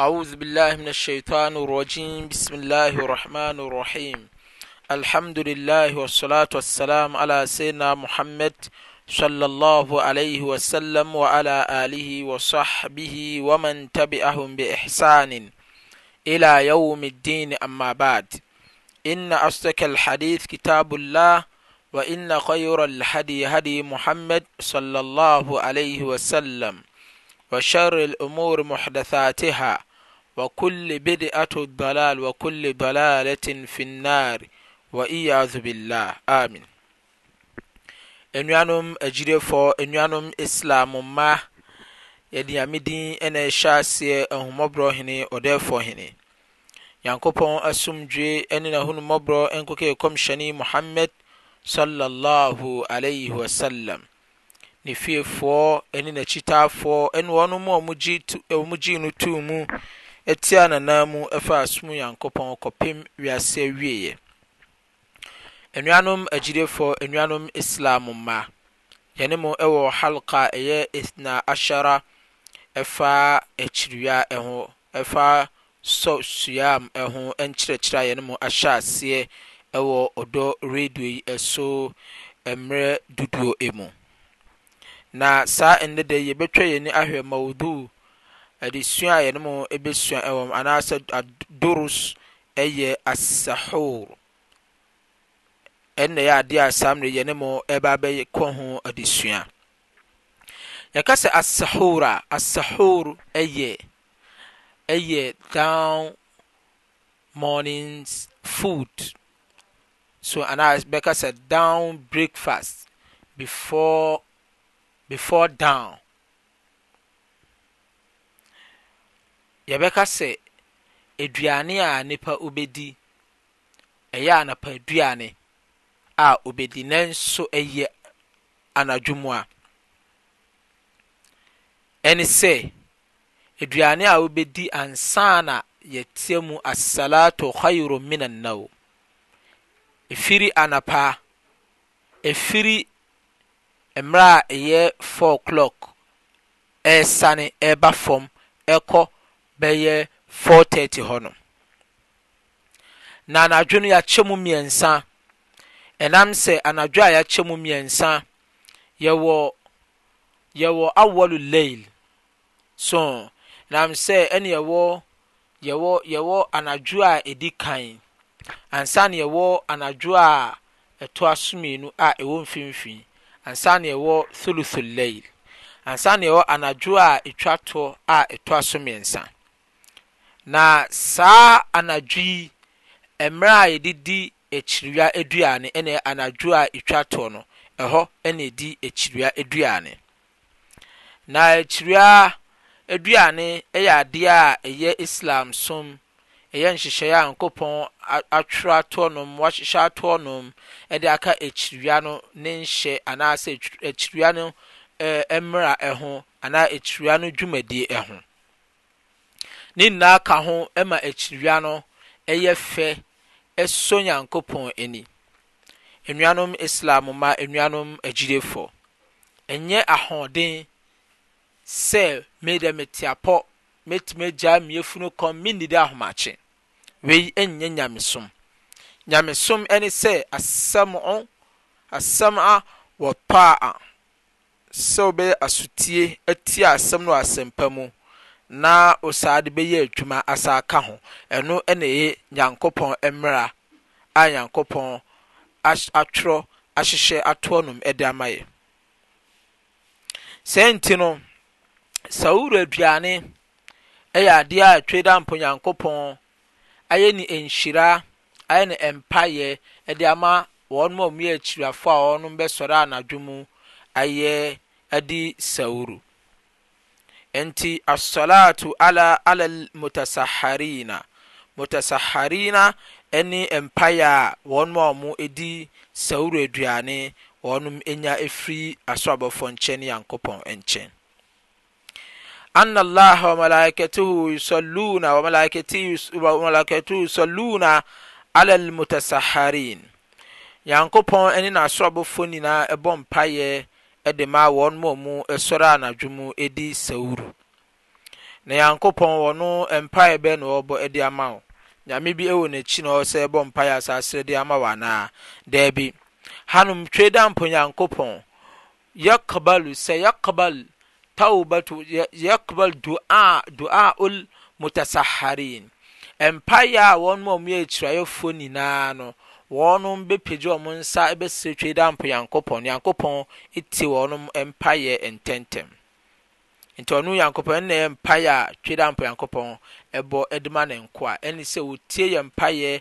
أعوذ بالله من الشيطان الرجيم بسم الله الرحمن الرحيم الحمد لله والصلاة والسلام على سيدنا محمد صلى الله عليه وسلم وعلى آله وصحبه ومن تبعهم بإحسان إلى يوم الدين أما بعد إن أصدق الحديث كتاب الله وإن خير الهدي هدي محمد صلى الله عليه وسلم وشر الأمور محدثاتها وكل بدعة ضلال وكل ضلالة في النار وإياذ بالله آمين nnuanom agyirefo nnuanom islam mma yɛde nyame din na ɛhyɛ aseɛ ahumɔborɔ hene ɔdɛɛfo hene nyankopɔn asomdwe ne n'ahonumɔborɔ nkokɛ kɔmhyɛne muhammad sallallahu alaihi wasallam ne fiefoɔ ne n'akyitaafoɔ ne wɔn a wɔgye tu wɔgye no tuu mu tia nana mu fa asom nyankopɔn kɔpem wiase awieɛ nnuanom agyidefoɔ nnuanom islam mma yɛne mu wɔ halka ɛyɛ isna ashara ɛfa akyiriwia ho ɛfa sɔ suam ho nkyerɛkyerɛ a yɛne mu ahyɛ aseɛ wɔ ɔdɔ redio yi so mmerɛ dodoɔ mu na saa nne da yi yɛbɛtwa yɛn ani ahwɛ ya adesua a yɛn mu ebesua ɛwɔ mu anaasɛ adurus ɛyɛ asahor ɛnna ya adeɛ a saa mmerɛ yɛn mu ɛba abɛyɛ kɔ ho a asahor ɛyɛ ɛyɛ down morning food so anaa bɛka sɛ down breakfast before before down yɛbɛka sɛ aduane a nipa obedi ɛyɛ anapa aduane a obedi nanso ɛyɛ anadwo mu a ɛne sɛ aduane a wobɛdi ansa na yɛteɛ mu asalato khairu minannau ɛfiri anapa ɛfiri mmerɛ a ɛyɛ four o'clock ɛresane ɛreba fam ɛkɔ bɛyɛ four thirty hɔnom na anadwo no yɛakyɛ mu mmiɛnsa ɛnam sɛ anadwo a yɛakyɛ mu mmiɛnsa yɛwɔ yɛwɔ awɔlu leil so nam sɛ ɛne yɛwɔ yɛwɔ yɛwɔ anadwo a ɛdi kan ansa na yɛwɔ anadwo a ɛtoa so mmienu a ɛwɔ mfimfini ansa na ɛwɔ thuluthul lail ansa na ɛwɔ anadwo a ɛtwa toɔ a ɛtoa so mmiɛnsa na saa anadwo yi mmerɛ a yɛde di akyiriwa aduane ne anadwo a ɛtwa toɔ no ɛhɔ na ɛdi akyiriwa aduane na akyiriwa aduane yɛ adeɛ a ɛyɛ islam som ɛyɛ nhyehyɛeɛ a nyankopɔn atwerɛ atoɔ nom wahyehyɛ atoɔ nom ɛde aka akyiriwia no ne nhyɛ anaasɛ akyiriwia no mmara ɛho anaa akyiriwia no dwumadie ɛho ne nyinaa ka ho ma akyiriwia no ɛyɛ fɛ ɛsɔ nyankopɔn ani nnuanom islam ma nnuanom agyidefo ɛnyɛ ahoɔden sɛ mede meteapɔ mɛtumi agyaa mmiefunu kɔn me nnidi ahomakye wei ɛnyɛ nyamesom nyamesom ɛne sɛ asɛmo asɛm a wɔpaa a sɛ wobɛyɛ asotie atia asɛm no asɛmpa mu na osaa bɛyɛ adwuma asa aka ho ɛno ɛna ɛyɛ nyankopɔn mmara a nyankopɔn atwerɛ ahyehyɛ atoɔ nom de ama yɛ saa nti no saa aduane yɛ adeɛ a twe da nyankopɔn ayɛ ne nhyira ayɛ ne mpaeɛ ɛde ama wɔn nom mu yɛ akyirafoɔ a wɔnom bɛsɔre anadwomu ayɛ adi sauru nti asolato alalmutasahariina mutasahariina ɛne mpaeɛ a wɔn nom a ɔ mo ɛdi sauru aduane wɔnom ɛnya ɛfiri aso abɔfoɔ nkyɛ ne nyankopɔn nkyɛn nlmalikatuhu usuluna laalmutasaharin nyankopɔn ɛni nasorobɔfo nyinaa ɛbɔ mpaeɛ de maa wɔn mɔmu ɛsɔre anadwom di sawuru na nyankopɔn wɔ no mpaeɛ bɛɛ ne wɔbɔ de ama wo nyame bi ɛwɔ nakyi na ɔɔ sɛ ɛbɔ mpa yɛ asasere de ama w anaa daa bi hanomtwee daampo nyankopɔn yakbalu sɛ yakbal taubatu yakbal du'a dua ul mutasaharin Empire a wɔn mu a wɔyɛ akyirayɛfoɔ nyinaa no wɔn bɛpagya wɔn nsa bɛsɛ twe da mpo yankopɔn yankopɔn ti wɔn mpaeɛ ntɛntɛm nti ɔno yankopɔn ɛna yɛ mpaeɛ a twe da mpo yankopɔn ɛbɔ de ma ne nko ɛne sɛ wɔtie yɛ mpaeɛ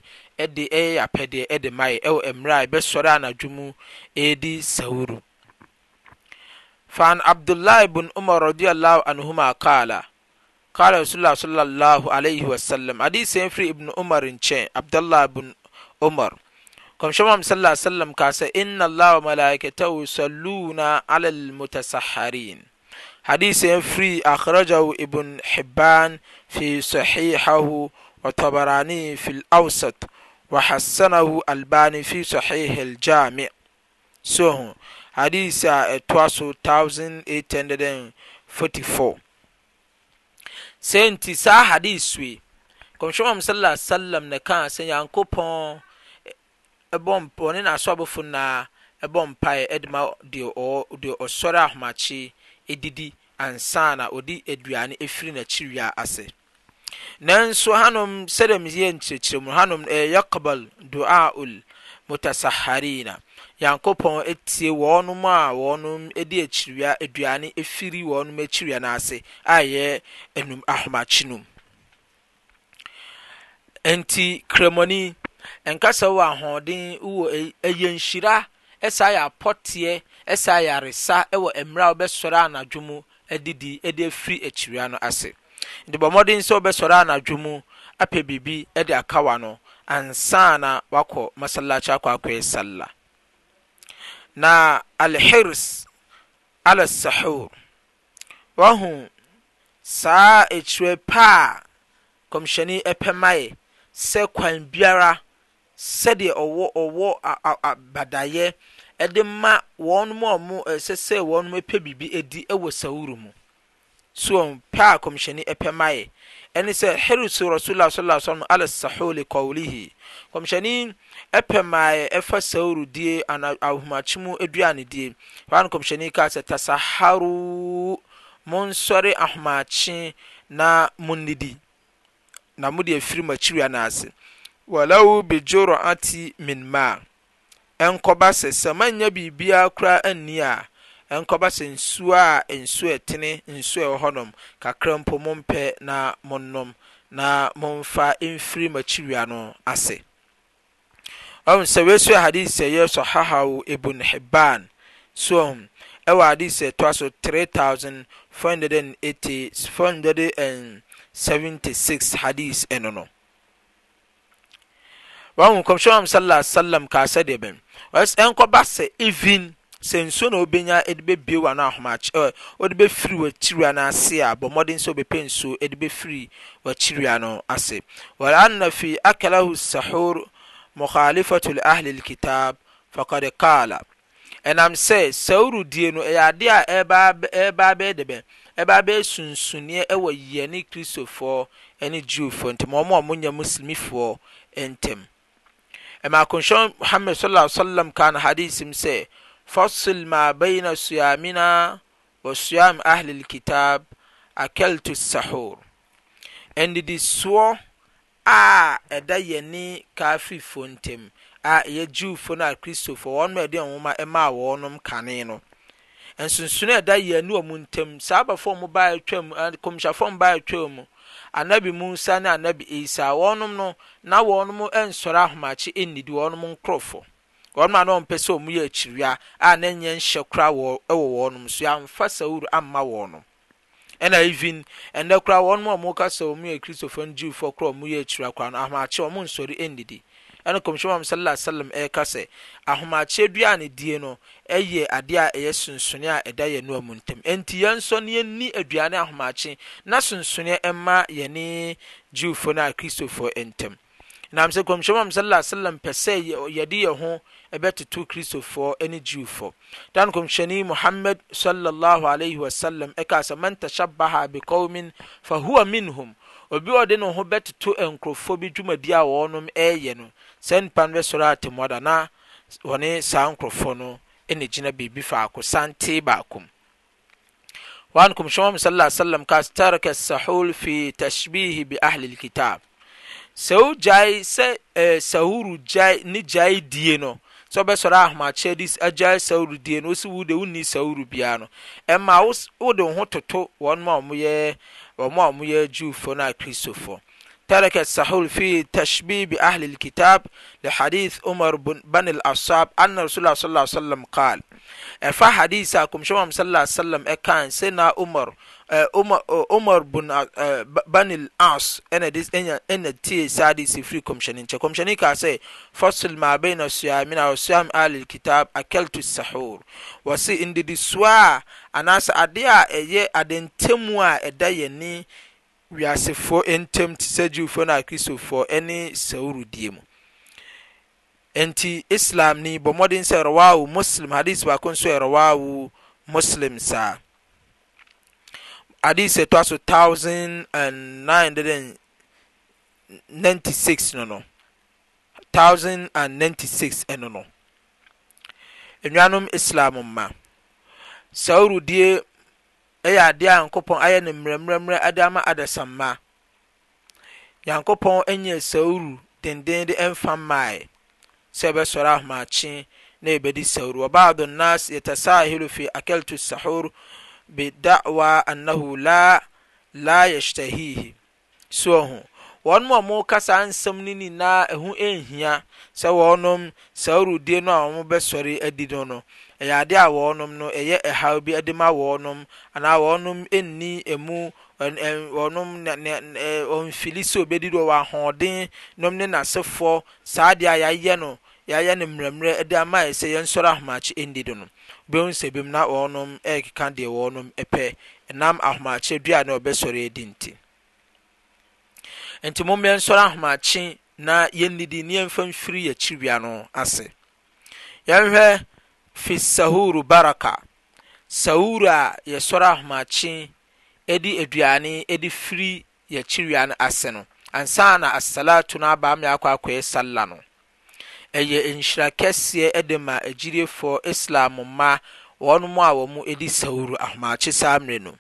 de ɛyɛ apɛdeɛ de ma yɛ ɛwɔ mmerɛ a yɛbɛsɔre anadwo mu ɛredi sawuru فعن عبد الله بن عمر رضي الله عنهما قال قال رسول الله صلى الله عليه وسلم حديث فري ابن عمر نشين عبد الله بن عمر كم شمع صلى الله عليه وسلم قال إن الله وملائكته يصلون على المتسحرين حديث فري أخرجه ابن حبان في صحيحه وطبراني في الأوسط وحسنه الباني في صحيح الجامع سوه hadis a ɛtoa so 1844 sɛ nti saa hadis wei kɔmhyɛmam sala sallam na kaa sɛ nyankopɔn eh, ɛbɔ ɔne n'aso abɔfo naa ɛbɔ mpaeɛ ɛde ma deɛ ɔsɔre ahomakye ɛdidi ansa na ɔde aduane ɛfiri n'akyi wia ase nanso hanom sɛdɛ yɛ nkyerɛkyerɛ mu hanom ɛyɛ eh, yakbal duaul mutasaharina nyankopɔn etie wɔnom a wɔnom edi akyiria aduane efiri wɔnom akyiria n'ase a ɛyɛ enum ahomakyenum nti kremoni nkasa wɔ ahoɔden wɔ e, ɛyɛ nhyira ɛsa yɛ apɔteɛ ɛsa yɛ aresa ɛwɔ mmerɛ a wɔbɛsɔre anadwo mu ɛdidi ɛde efiri akyiria no ase nti bɔ mmɔden sɛ anadwo mu apɛ biribi ɛde aka wa no ansa na wakɔ masalachi akɔ akɔyɛ sallah na alhirs ala sahur wahu saa ekyirɛ paa kɔmhyɛni ɛpɛ mayɛ sɛ kwan biara sɛdeɛ ɔwɔ ɔwɔ abadayɛ ɛde ma wɔn mu a ɔmo ɛsɛ sɛ wɔn mu pɛ biribi edi ɛwɔ sahur mu so wɔn pɛ a kɔmhyɛni pɛ ma sɛ hirisu rasulillah sallallahu alaihi wasallam ala saholi kɔwlihi kɔmhyɛni pɛ ma yɛ ɛfa die ana ahomakyimu aduane die wɔn kɔmhyɛni kaa sɛ tasaharu monsɔre ahomakye na munidi. na mu de afiri mo akyiri anaase walau bi joro ati min ma ɛnkɔba sɛ sɛ manya biribiara koraa anni a nkɔba sɛ nsuo a nsuo ɛtene nsuo ɛwɔ hɔnom kakra mpo mompɛ na monnom na momfa mfiri makyiwia no ase ɔhun sɛ wesu hadis ɛyɛ sɔhahaw ibn hibban so ɛwɔ hadis toa so three thousand four hundred and eighty four hundred and seventy six hadis ɛno no wɔn kɔmhyɛn wɔn sallallahu alaihi wa sallam kaa sɛ deɛ bɛn ɛnkɔba sɛ even. sɛnsuo na obɛnya ɛde bɛbiowa no ahomaaky ode bɛfiri wɔakyiria no ase a bɔ mmɔde n sɛ obɛpɛnsu de bɛfiri wakyiria no ase wanna fii aklaho sahor mohalifato leahle lkitab fakad kala ɛnam sɛ sauro die no ɛyɛ ade a ɛbaa bɛɛ de bɛ ɛbaa bɛɛsunsuneɛ ɛwɔ yɛne kristofoɔ ne jewfɔ ntim ɔmoa monya musilimifoɔ ɛntam ɛma konhyɛ mohamed ssam kan hadisi m sɛ fasil ma bayna suyamina wa suyam ahli kitab akeltu sahur ɛnidisoɔ a ɛda yɛne kafirfo ntam a ɛyɛ jewfo no a kristofo wɔn mu ɛde nwoma ɛmaa wɔnom kane no nsonsono ɛda yɛne wɔn ntam saabafo mu baa atwam kɔmhyɛfo mu baa atwam anabi musa ne anabi isa wɔnom no na wɔnom nsɔre ahomakye nnidi wɔnom nkorɔfo. ɔnm a na ɔpɛ sɛ ɔmyɛ akyiria a nnyɛ nhyɛ kora wɔ wɔ nom soɛamfa saor amma wɔ nom n vn ndɛ kora wɔnm ɔmkas ɔmyɛ kristofɔ n jef ɔm yɛ kyiria koa ahomakye ɔmnsɔre nnidi n kmhɛ sm ka sɛ ahomakyedaa ne di no yɛ adeɛ yɛ sonsone ɛdaynoamu ntam nti yɛnsɔn yni adua ne ahomakye na sonsone ma yɛne jewfɔ no a kristofo ntam nam sɛ kmsyɛ sm pɛ sɛ yɛde yɛ ho ɛbɛtoto kristofoɔ ne jiwfɔ tankomhyɛni muhamad wm ɛka sɛ man tasyabaha bikawmin fa howa minhum obi ɔde ne ho bɛtoto nkurɔfɔ bi dwumadi a wɔnom yɛ no saanpan bɛsoreatemɔda na ɔne saa nkorɔfɔ no negyina biibi faako sante baako nkym a tarak sahol fi tashbihe bi ahle lkitab sɛo ae sɛ sarne gyae die no sɛ wbɛsɔre ahamakyeɛ agya saure die no wosɛ wo de wonni sawure bia no ɛma wode wo ho toto wɔmama a wmoyɛ juwfɔ no a kristofɔ tarakat sahol fie tashbibi ahlelkitab lehadith omar banlasab anna rasull slm kal ɛfa hadis a komsyɛmam sa slm ɛkan sɛna omar Eh, omar banelas natie sade sifri ksyne kyɛ kɔmsyɛneka sɛ fasl ma bi soamina wa sam ahlelkitab akelto sahor ɔse ndede suaa anaas ade a ɛ adntɛmmu a ɛda yɛne wiasefɔ ntmti sɛ juf n akristofɔ ne saurudi mu nti islam ni bɔmɔde sɛ raao musl hadis baks raa muslem saa adesɛto a so o no96 ɛno no nnanom islam mma saurudie ɛyɛ ade nyankopɔn ayɛ ne mmerɛmrɛmerɛ ade ama adasamma nyankopɔn ɛnya sauru denden de mfa mae sɛ ɛbɛsɔre ahomaakyee na yɔbɛdi sauru wa baado annas yetasahilo fe acelto sahor bidawa annah la yahtahihi soohu wɔnnom amo ka sa nsam nonina ɛho nhia sɛ wɔ nom sa arodi no a wɔm bɛsɔre adino no ɛyɛade a wɔ nom no ɛyɛ ɛha bi adem awɔ nom ana wɔɔ nom nni mu mfili sɛobɛdido ɔwɔ ahoɔden nom ne nasefɔ saa deɛ ayayɛ no yɛayɛ no mmerɛmmerɛ de ama yɛ sɛ yɛnsɔre ahomakye ndi do no bɛhu sɛ bim na wɔnom ɛkeka deɛ wɔnom pɛ ɛnam ahomakye dua na ɔbɛsɔre adi nti nti mom yɛnsɔre ahomakye na yɛnnidi ne yɛmfa mfiri yɛkyiwia no ase yɛnhwɛ fi sahuru baraka sahuru a yɛsɔre ahomakye ɛdi aduane ɛdi firi yɛkyiwia no ase no ansa na asalatu no aba ama yɛakɔ akɔyɛ salla no ɛyɛ nhyira kɛseɛ dema agyiriefoɔ islam mma wɔno mu a wɔ mu di sahuro ahomaakye saa mmerɛ nu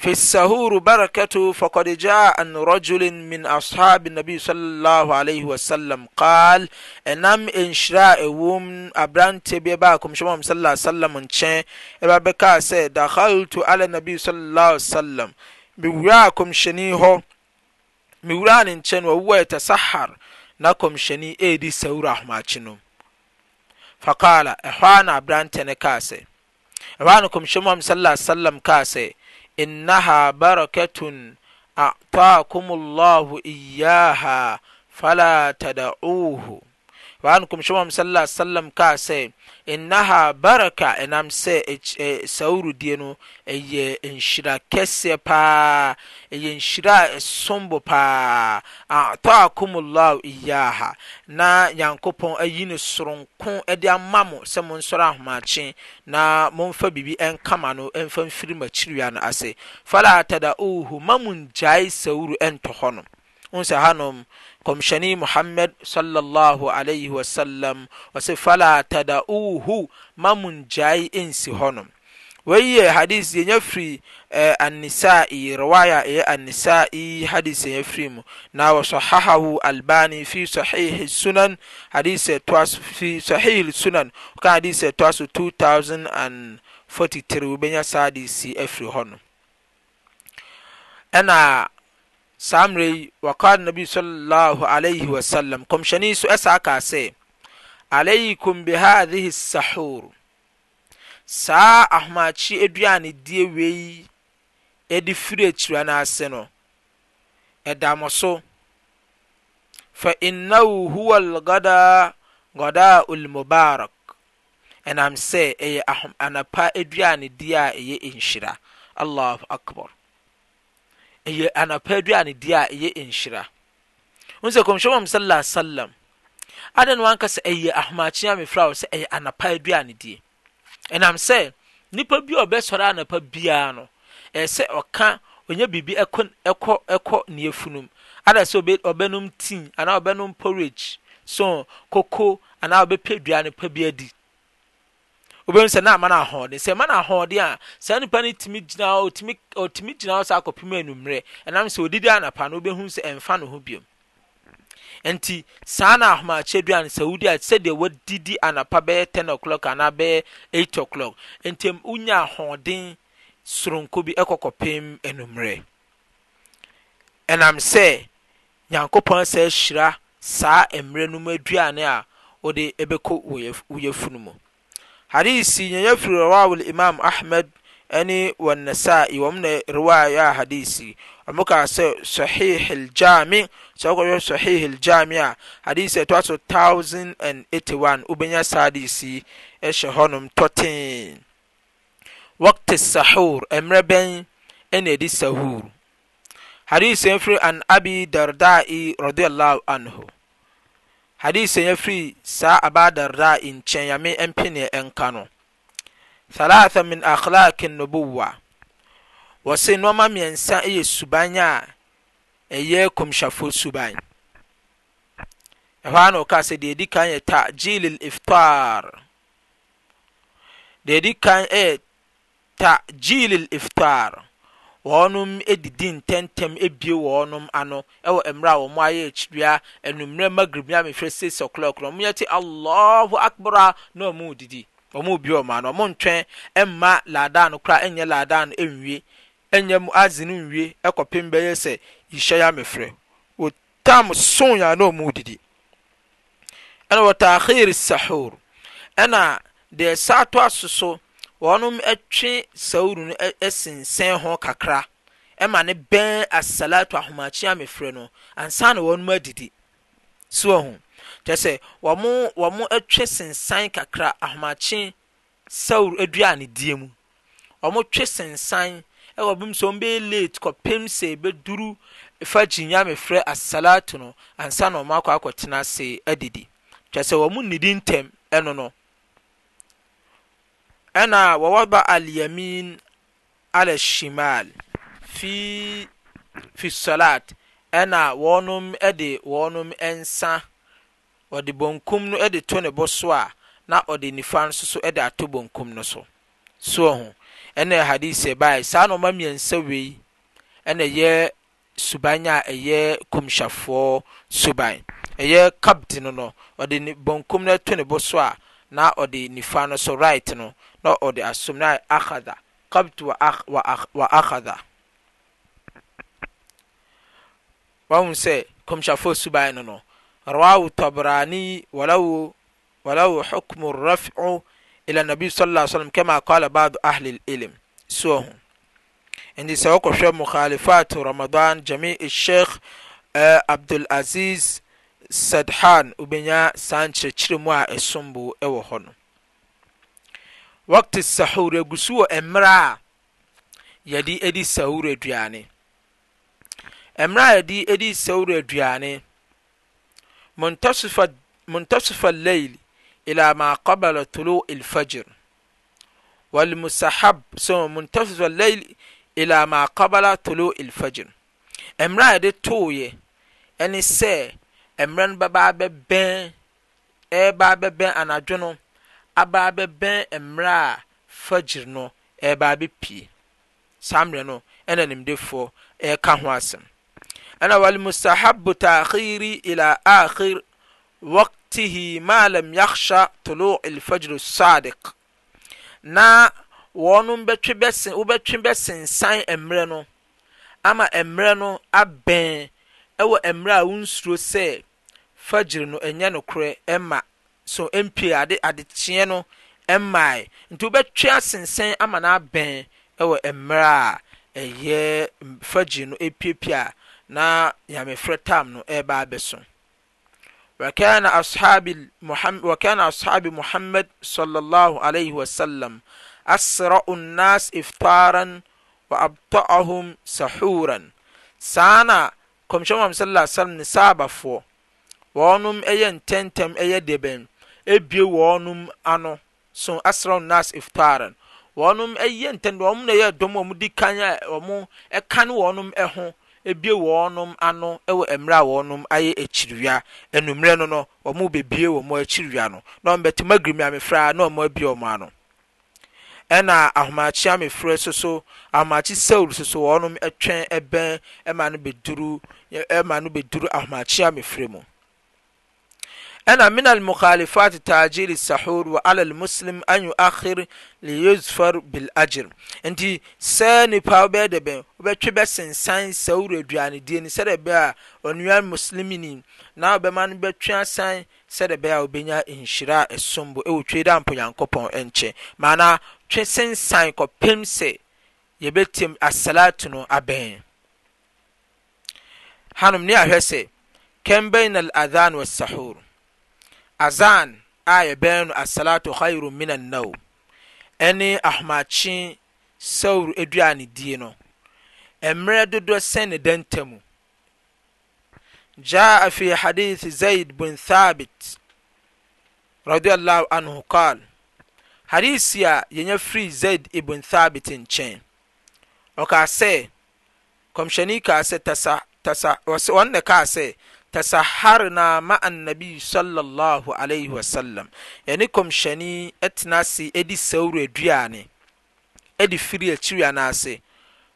fisahuru barakato fakd gjya an rajulen men ashabe nnabi swsm kal ɛnam ɛnhyiraa ɛwom aberantɛ bibaa kɔmhyɛn mssm nkyɛn ɔbabɛkaa sɛ dakaleto ala nabim mewurɛ a kɔmhyɛnni hɔ mewuraa ne nkyɛno wɔawowɔ ɛtasahar na kɔmhyɛni edi sawura ahomakye no fakala ɛhɔ a na aberantɛ ne kaa sɛ ɛhɔ a na kɔmhyɛni mu sallallahu alaihi wasallam kaa sɛ innaha barakatun a'taakum allahu iyaha fala tada'uhu wɔn kɔmhyɛm sallallahu alaihi wasallam kaa sɛ innaha baraka se e, e sauru die e, no ɛyɛ nhyira kɛseɛ paa ɛyɛ e, nhyira a ɛsombo paa iyaha na yankopon ayi ne soronko de ama se sɛ mo ahma chi na bibi en kama no fa mfiri makyiriwia no ase fala tada uhu mamun jai sawuru en hɔ no sɛ hano kɔmsyɛni muhamed wsm ɔsɛ fala tadaoho ma mungyae nsi hɔ no weiyɛ hadis yenya firi anisai eh, rwayayɛ annisai hadis yenya firi mu na wɔsahahaho albani fi sn sahih sunan ka hadisistoa so 243 wobɛnya sadesi afiri ɔ no saa mmereyi anabiu swsm kɔmhyɛne yi so ɛsaa ka sɛ alaikum behadhehi sahor saa ahomaakye adua ne die wei de firi akyira no ase no ɛda mɔ so fainna ho howa algada gadao almubarak ɛnam sɛ ɛyɛ anapa adua ne diɛ a ɛyɛ ɛnhyira allh akbar ɛyɛ anapa aduane deɛ a ɛyɛ nhyira wɔn sɛ kɔmhyɛn wɔn sallallahu alaihi wasallam adan no ankasa ɛyɛ ahomakye a mefra wɔ sɛ ɛyɛ anapa aduane deɛ ɛnam sɛ nipa bi a ɔbɛsɔre anapa biara no ɛsɛ ɔka onye biribi ɛkɔ ɛkɔ ɛkɔ ne efunum ada sɛ ɔbɛ ɔbɛnum tea anaa ɔbɛnum porridge so koko anaa ɔbɛpɛ aduane pa bi adi wobɛu sɛnema na ahden sɛ mana hɔden saa nipa no tumi atumi gyina ɔsakɔpem anumerɛ ɛnamsɛ oddi anapanoohu s mfa no ho biom nti saa naahmkyednswosɛdeɛ wdi anapa b10 klk na8 oklok ntiwonya hɔden soronko bi kɔkɔpem anumerɛ ɛnam sɛ nyankopɔn saa hyira saa mer nm dnewode ɛkɔ wy fu n mu hadisi yɛnya firi rawaw limam ahmed ane wnnasai wɔm na rewaya a hadisi ɔmo ka sɛ sahih aljame sɛ wokɔyɔ sahih aljame a hadisi ato aso 81 wobɛnya sadisi hyɛ hɔnom tɔte wakt sahor merɛ bɛn ne edi sahor hadisi afir an abi dardai radi anh hadisi ya firi saa abadarda nkyɛn yame ne ɛnka no thalatha min akhlaq nubuwa wɔse nneɛma mmiɛnsa yɛ suban a ɛyɛ kɔmhyɛfo suban ɛhɔ ana ɔka sɛ deɛ ɛdi kan yɛ ta'jil iftar deɛ ɛdi kan yɛ ta'jil iftar wɔnom didi ntɛmntɛm ebie wɔnom ano wɔ mmerɛ a wɔn ayɛ akyidua enumere magrib ne amefra six o'clock na wɔn yɛ te allahu akbar a na wɔn redidi wɔn rebie wɔn ano wɔn ntwɛn mma laadaa no kora nyɛ laadaa no nwie nyɛ mu adze no nwie kɔpem bɛyɛ sɛ yihyɛ yɛ amefra wɔtam son yɛ a na wɔn redidi ɛna wɔtaa akhiri sahur ɛna deɛ saa to asoso. wɔnom twe sawuru no sensɛn ho kakra ma ne bɛn asalato ahomakye a mefrɛ no ansa na wɔnom adidi so ho kyɛ sɛ wɔmo wɔmo twe sensan kakra ahomakye sawuru adua ne die mu wɔmo twe sensan ɛwɔ bi mu so wɔn bɛyɛ late kɔpem sɛ bɛduru fa gyinya mefrɛ asalato no ansa na wɔn akɔ akɔtena ase adidi kyɛ sɛ wɔn nnidi ntɛm ɛno no. ɛna wɔwɔba alyamin ala shimal fi fi salat ɛna wɔnom ɛde wɔnom nsa wɔde bonkum no ɛde to ne bo so a na ɔde nifa nso so ɛde ato bonkum no so soɔ ho ɛna hadisi ɛbae saa na ɔma mmiɛnsa wei ɛna ɛyɛ suban a ɛyɛ komhyafoɔ suban ɛyɛ kabd no no ɔde bonkum no ɛto ne bo so a na ɔde nifa no so right no na ɔde asom na ayɛ akhadha qabtu wa, akh, wa, akh, wa akhadha wahu sɛ kɔmhyɛfoɔ suban no no rawahu tabrani walahu walahu hukmu raf'u ila nabi sallallahu alaihi wasallam kama qala ba'd ahli al-ilm so indi ndi ko wokɔhwɛ mukhalifat ramadan jami'i sheikh uh, abdul aziz sadhan ubenya saa nkyerɛkyerɛ mu a ɛsom bo ɛwɔ وقت السحور يقصو امرا يدي ادي سحور دياني امرا يدي ادي سحور دياني منتصف منتصف الليل الى ما قبل طلوع الفجر والمسحب سو منتصف الليل الى ما قبل طلوع الفجر امرا يدي توي اني سي امران بابا ببن اي بابا ببن انا جنو abaa bɛbɛn mmerɛ a fagyir no ɛbaa bɛ pie saa mmerɛ no ɛna nimde foɔ ɛɛka ho asɛm ɛna wlmustahabo tahiri ila aer waktihi malam yakhya toloe alfadgere ssadik na wɔɔ nomwobɛtwe bɛsensane mmmerɛ no ama mmerɛ no abɛɛ ɛwɔ merɛ a wo nsuro sɛ fagyir no ɛnyɛ nokorɛ ma sompie adeade keɛ no ɛmmae nti wobɛtwe asensɛn ama no abɛn ɛwɔ ɛmmerɛ a ɛyɛ fa gyi no pue pi a na nyamefrɛ tam no baabɛ so wɔkana ashabi mohamad swslm asrao nnas iftaran wɔ abtaahum sahuran saa na kɔmsyɛ mam ssm no saabafoɔ wɔnom ɛyɛ ntɛntɛm ɛyɛ debɛn ebie wɔn ano so asra nas iftaran wɔn ɛyɛ ntɛn wɔn na ɛyɛ dɔm wɔn di kan a wɔn ɛkan wɔn ɛho ebie wɔn ano ɛwɔ mmerɛ a wɔn ayɛ akyiriwia enumere no no wɔn bebie wɔn akyiriwia no na wɔn bɛtuma girim amefra na wɔn abie wɔn ano ɛna ahomakye amefra soso ahomakye seul soso wɔn twɛn ɛbɛn ɛma no beduru ɛma no beduru ahomakye amefra mu. ɛna min almuhalfat taagil ssahor wɔ alalmuslim an yuaer leyusfar bilager nti sɛ nnipa wobɛɛ d bɛ wobɛtwe bɛsensae sraneiensɛd ɛ a na muslimininaɛma no bɛteasane sɛd bɛa obyanhyiraas wɔtw dmpnyankpɔnnkyɛ aanatwe sensan kpes yɛtm asalatu nanneahɛ ɛ cem binaladan wsahor azan a yɛ bɛnɛ nu asalato hairom min anaom ɛne ahomakyee sawro adua ne die no ɛmmerɛ dodɔ sɛnne dɛnta mu yaa fi hadith zaid bin thabit radi anho karl hadisi a yenya firi zaid ibun thabit nkyɛn ɔkaa sɛ kɔmhyɛne kaa sɛ ttɔn ne kaa sɛ tasaharena ma'a annabi slh wslam yane kɔmhyɛni tena se de saure aduane ɛdi firi akyiwi anaase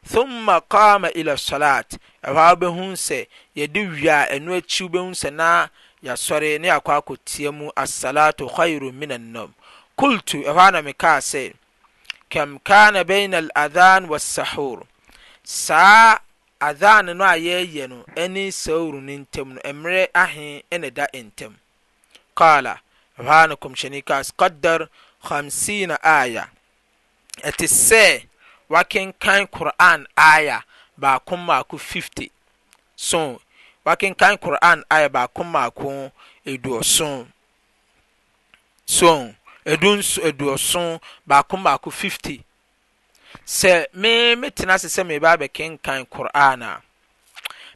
thumma kama ila ssalat ɛho aw bɛhu sɛ yade wia ɛno akyiw bɛhu sɛ na yasɔre ne yakw akɔ tia mu assalatu airun min anom kulto ɛhɔ a name kaa sɛ kam kana bin aladhan wassahora adhane no ayɛ yɛ no ane saoruno ntam no merɛ ahe na da ntam kala hano komhyɛnekas kadar 5si aya ɛte sɛ wa kekan qor'an aya baakommaako 50 so wa kekan qor'an aya baakommaako aduɔson so ɛaduɔson baakommaako 50 sɛ me metena ase sɛ meba abɛkenkan koran a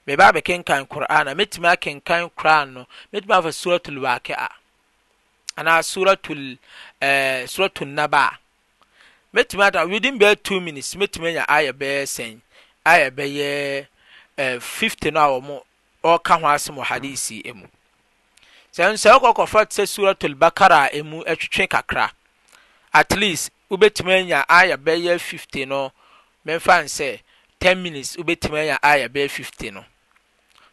meba abɛkenkan koran a metumi akenkan koran no metumi afa suratul waqi'a anaa suratul ɛɛ eh, suratul naba metumi ata within bɛyɛ two minutes metumi anya ayɛ bɛyɛ sɛn ayɛ bɛyɛ ɛɛ eh, fifty no a wɔn ɔka ho asɛm wɔ hadisi mu sɛ nsɛn kɔkɔfa sɛ suratul bakara a emu ɛtwitwe kakra at least wobɛtumi anya aya bɛyɛ 50 no memfa ne sɛ 10 minutes wobɛtimi anya aya bɛyɛ 50 no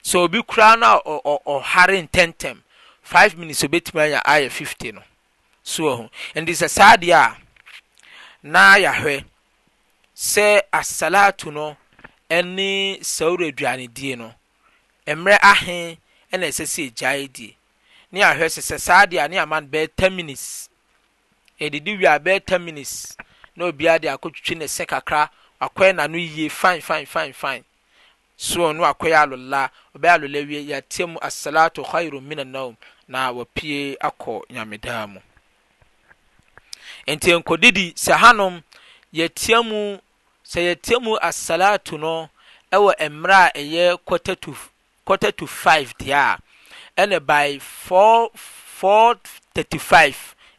so obi koraa noa ɔhare ntɛmtam 5 minutes obɛtumi anya ayɛ 50 no so o hu ɛnti sɛ saa deɛ a nayahwɛ sɛ asaleto no ɛne sawra aduane die no mmerɛ ahe na ɛsɛ sɛ gyae die ne yahwɛ sɛ sɛ saa deɛ a ne aman bɛyɛ 10 minutes edidi wi abɛɛ ten minutes na obiara de akɔtwitwi ne se kakra akɔyɛ n'ano yie fine fine fine fine so no akɔyɛ alola ɔbɛyɛ alola wie yɛatea mu asalatu khairu mina naum na wapie akɔ nyamedaa mu nti nkɔdidi sɛ hanom yɛatea mu sɛ yɛatea mu asalatu no ɛwɔ mmerɛ a ɛyɛ quarter to quarter to five deɛ a ɛna by four four thirty five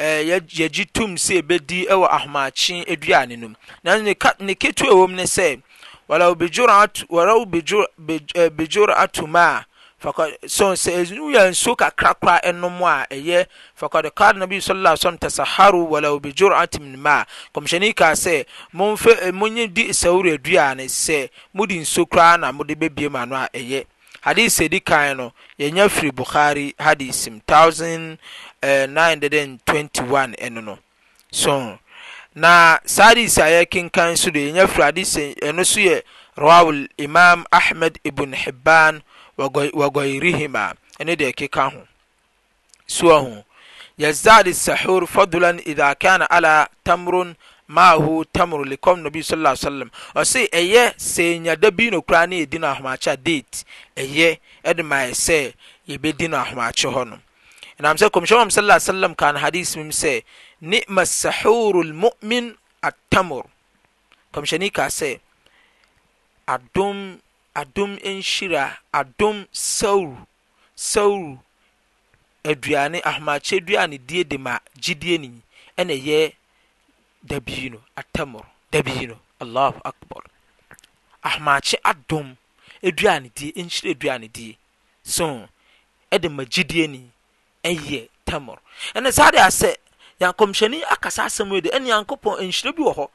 Eh, yɛgye tom sɛ ɛbɛdi wɔ ahomaakyee adua ne nom nekɛtuwɔ m ne sɛ ww bijoratomaa ssɛnuyɛ nsuo kakra kora ɛnom a ɛyɛ fa cdca nabi sala lam tasaharo walao bijoratomn maa kɔmhyɛne yika sɛ eh, monyɛ di saoro adua ne sɛ mode nsuo koraa na mode bɛbiomu a no a ɛyɛ hadis edi kan no yɛnya firi bukhari hadisim 1921 ɛno no so na saa hadis a yɛkenkan so do yɛnya firi hadis ɛno so yɛ rawawul imam ahmed ibn hibban wagoirihima ɛne deɛ ɛkeka ho soɔ ho yazad sahur fadlan idha kana ala tamrun mtmr ecmnabissalm ɔse ɛyɛ sɛ nyada binokoraa ne yɛdi no ahomaache a dat ɛyɛ ɛde mayɛ sɛ yɛbɛdi no ahomaache hɔ no nam sɛ kominyɛn am ssalm kano hadice mumu sɛ nema sahuro lmomen atamor kmhyɛne ka sɛ aom nhyira adom srsar adane ahomaac dane di de ma gyidieneny dabino atamur dabino Allah akbar ahomakye adom aduane die nhyira aduane die so ɛde magyidie ni ɛyɛ tamur ɛna saa de asɛ yankɔmhyɛni akasa asɛm yi de ɛne yankɔpɔn nhyira bi wɔ hɔ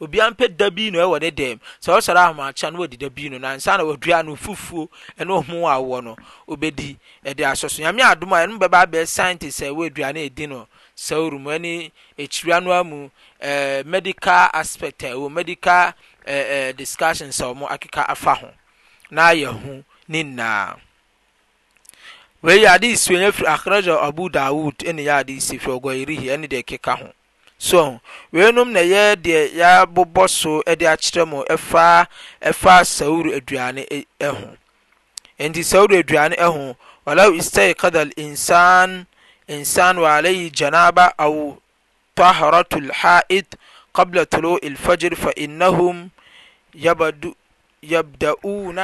obiara mpɛ dabino ɛwɔ ne dɛm sɛ ɔsɔre ahomakye ano wɔde dabino na nsa na wɔdua no fufuo ɛne ɔmo a wɔwɔ no obɛdi ɛde asɔ so nyame adom a ɛno bɛba abɛɛ scientist a ɛwɔ aduane edi no swrmu ne kyiria no amu eh, medical aspect eh, w medical eh, discussion sɛ w m akeka afa ho na ya hu ne nnaa weiyɛ ade esiweya firi ahraja abu dawod neyɛde sfie gyrhi ne deɛ ɛkeka hos weinom nayɛdeyaabɔbɔ so de akyerɛ mɔ fa saoro aduane hu nti saworo aduane hu wlow stikathe al insan إنسان وعليه جنابة أو طهرة الحائط قبل طلوع الفجر فإنهم يبدؤون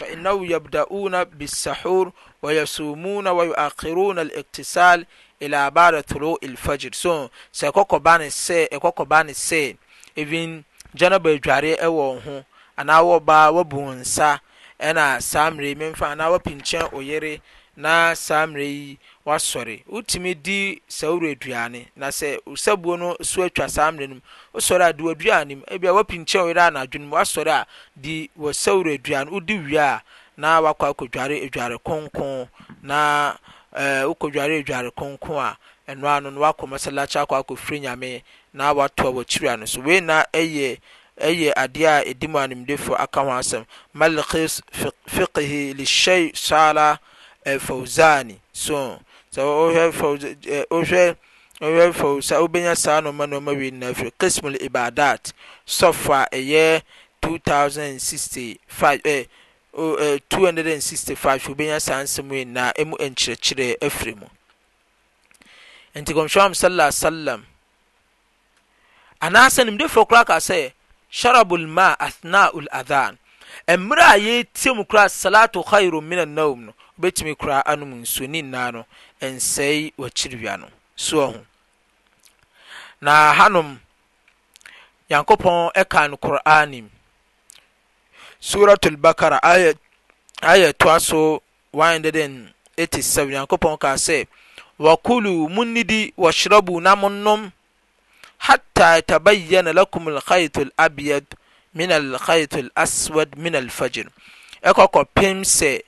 فإنه يبدؤون بالسحور ويصومون ويؤخرون الاغتسال إلى بعد طلوع الفجر so سيكوكو باني سي إكوكو باني سي إذن جنب الجاري أوهو أنا وبا وبونسا أنا سامري منفع أنا وبنشان أويري na samre yi wasɔre wotumi di sawura aduane na sɛ sɛbuo no so atwa saa mmerɛ no mu wosɔre a de w'adua m ebia wapinkyɛn wɔyɛ anadwo no mu wasɔre a di wɔ sawura aduane wodi wie a na wakɔ akɔdware adware konko na eh, wokɔdware adware konko a ɛno ano no wakɔ masalakyi akɔ akɔfiri nyame na watoa wɔ kyiria no so wei na ɛyɛ ɛyɛ adeɛ a ɛdi mu animdefo aka ho asɛm malkis fiqhi lishay sala eh, fawzani so ism libadat sfa ye 5sasmkyerkyerɛ afrmu nti ksam sala salam anasanim de fo kora kasɛ sharab ma athna ladzan merye tiam kora salat hirun min anom bɛtumi kora anom nsuoni nnaa no ɛnsɛe wakyirewiano suh na hanom nyankopɔn ɛkan kurane surat albakara ayatoa so87 nyankopɔn ka sɛ wakolou monnidi wahrabo namonnom hata ɛtabayana lakom alkait alabyad min alkait alaswad min alfajer ɛkɔkɔpem sɛ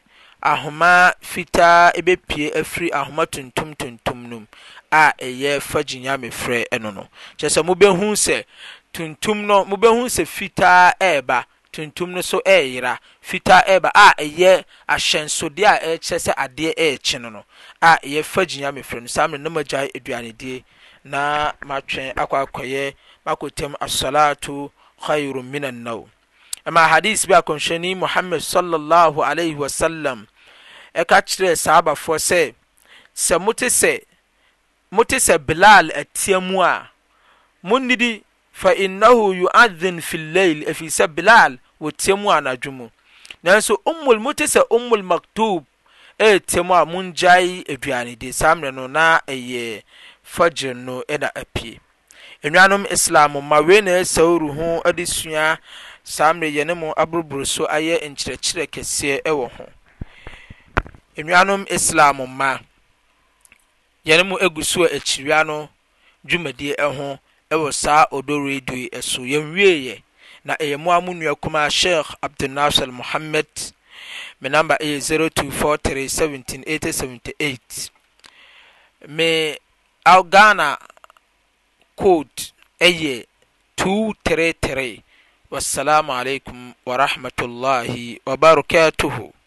ahoma fitaa bɛpue afiri ahoma tuntum tuntum no mu a ɛyɛ fa gyinya mefrɛ no no kyerɛ sɛ mobɛhu sɛ tuntum no mobɛhu sɛ fitaa ɛreba tuntum no so ɛreyera fitaa ɛreba a ɛyɛ ahyɛnsodeɛ a ɛkyerɛ sɛ adeɛ ɛrekye no no a ɛyɛ fa gyinya mefrɛ no saa mmerɛ na magyae aduanedie na matwɛn akɔ akɔyɛ makɔtam asalato khairu minan naum ɔma hadis bi akɔnhyɛne mohamad swsm ɛka kyerɛɛ saabafoɔ sɛ sɛ mote sɛ bilal atia mu a monnidi fa innaho yoahen fileile afiri sɛ bilal wɔtia mu anadwo mu nanso mumote sɛ ummu lmaktube ɛtia mu a mongyae aduane die saa mmerɛ no na ɛyɛ fagire no na apue nanom islamma weiesaoru ho adesua saa mmerɛ yɛne mu aborɔboro so ayɛ nkyerɛkyerɛ kɛseɛ wɔ ho nnuanom islam mma yɛne m gu su a akyiriwia no dwumadie ho ɛwɔ saa odɔ radioo ɛsu yɛnwieeeɛ na ɛyɛ mo a munnua kuma a shiih abdunaser mohammad me nambe ɛyɛ 0243 17 878 me aghana cod ɛyɛ 233 والسلام عليكم ورحمة الله وبركاته